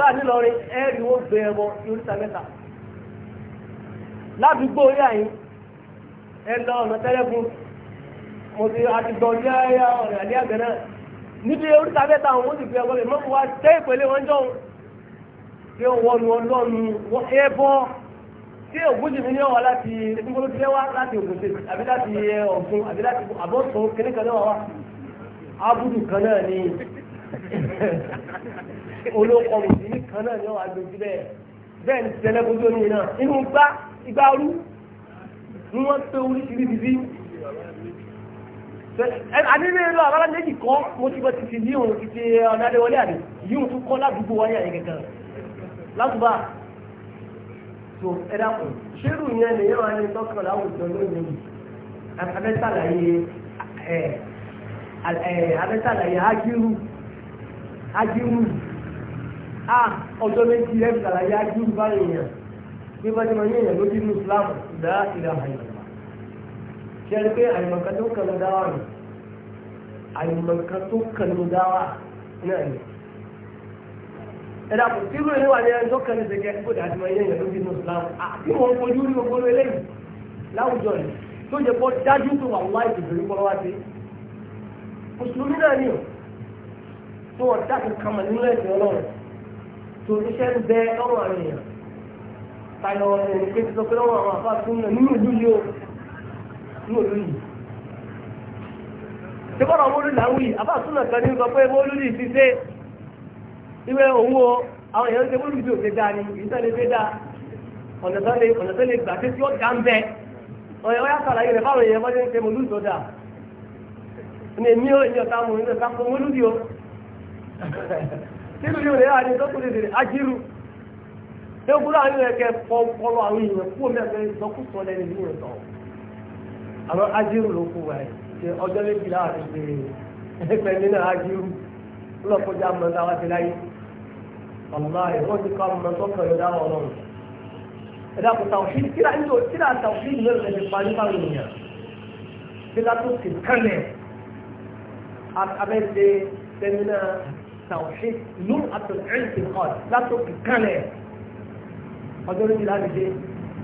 àbá nílọrin ẹ̀rí ó bẹ ẹbọ oríta mẹ́ta ládùúgbò orí àyín ẹ lọ ọ̀nà tẹ́lẹ̀kùn mo ti àtìgbọ̀ ní ayá ọ̀rẹ́ àdé àgbẹ̀ náà níbi oríta mẹ́ta àwọn oṣù fi ẹbọ rẹ̀ mọ́kù wá tẹ́ ìpele wọn jọ pé wọnú ọlọ́nu ẹbọ tí ògùn jìbí ní ọ̀wà láti ìpínlẹ̀ tí wá láti ògùn jìbí àbí láti ọ̀gbun àbí láti ni olóńkọ mùsùlùmí kan náà ni wọ́n wá gbèjú bẹ́ẹ̀ bẹ́ẹ̀ ni tẹ́lẹ̀ bójú omi náà inú gbá igbá rú ni wọ́n pé oríṣiríṣi sí. adébíyẹ lọ àbára méjì kọ́ mo ti bọ́ títí yíò títí ọ̀nà adéwọlé àdé yíò tún kọ́ ládùúgbò wáyé àyè kankan látùbà tó ẹ dákun ṣérù yẹn lè yẹn wà ní tọkàn láwùjọ lónìí abẹ́sàlàyé ẹ̀ abẹ́sàlàyé ájírù ájírù a ọjọ́ méjì ẹ̀ ṣàlàyé ajú bá èèyàn bí bá ti máa ń yẹ̀yàn lójú inú Islam dá ìlà àyàmà ṣe é pé àyàmọ̀kan tó kàn ló dá wà nù àyàmọ̀kan tó kàn ló dá wà náà ni ẹ̀dá kò tí ìlú ìwà ni ẹjọ́ kan ní ṣẹ̀kẹ́ kó dàá ti máa yẹ̀yàn lójú inú Islam àti wọn fojú ní gbogbo eléyìí láwùjọ yìí tó jẹ́ pọ́ dájú pé wàhálà ìdìbò ìkọlọ́ wá sí mùsùlùmí náà ni ò tó wọ́n dákun tó iṣẹ́ ń bẹ lọ́wọ́ àwọn èèyàn tayọ ẹni pé ti sọ pé lọ́wọ́ àwọn àfa tó ń nà nínú ìlú yìí o nínú ìlú yìí. ṣé bọ́lá mọ́lú là ń wí àfa tó nà kan ní sọ pé mọ́lú yìí ti ṣe ìwé òun o àwọn èèyàn ń ṣe mọ́lú yìí ò ṣe dáa ni ìṣẹ́lẹ̀ ṣe dáa ọ̀nà tó lè gbà tẹ́tí ọ̀dà ń bẹ ọ̀yọ́ ya sàlàyé rẹ̀ fáwọn èèyàn mọ́jọ́ ń tẹ́ mọ́lú sọ́dà ní ọ̀tá mọ́ ní ọ̀tá fún mọ́lú yìí nínú yóò rẹ̀ àti tó kúrò ìrìn ajírú ewúrò àwọn ẹ̀kẹ́ pọ̀pọ̀lọ àwọn èèyàn kú omi ẹ̀kẹ́ ìsọkúsọ lẹ́nu ìlú rẹ̀ tọ̀ àwọn ajírú ló kú wáyé ṣe ọjọ́ méjì láàrin ṣe ẹgbẹ́ nínú ajírú lọ́kọjá mọ́ta wá sí láyé ọ̀nà ìwọ́n ti kọ́ ọmọ tó kọ̀ yọ̀dá ọlọ́run ẹ̀dá kò tàwọ̀fíì kíra ìlò kíra tàwọ̀fíì ìlú rẹ̀ ti parí báwọn èèyàn bí látó sì kánlẹ̀ abẹ́ ṣe sẹ́mínà tawhid lum'atul i'tiqad látòkì kanlẹ̀ ọjọ́ méjìlá nìyẹn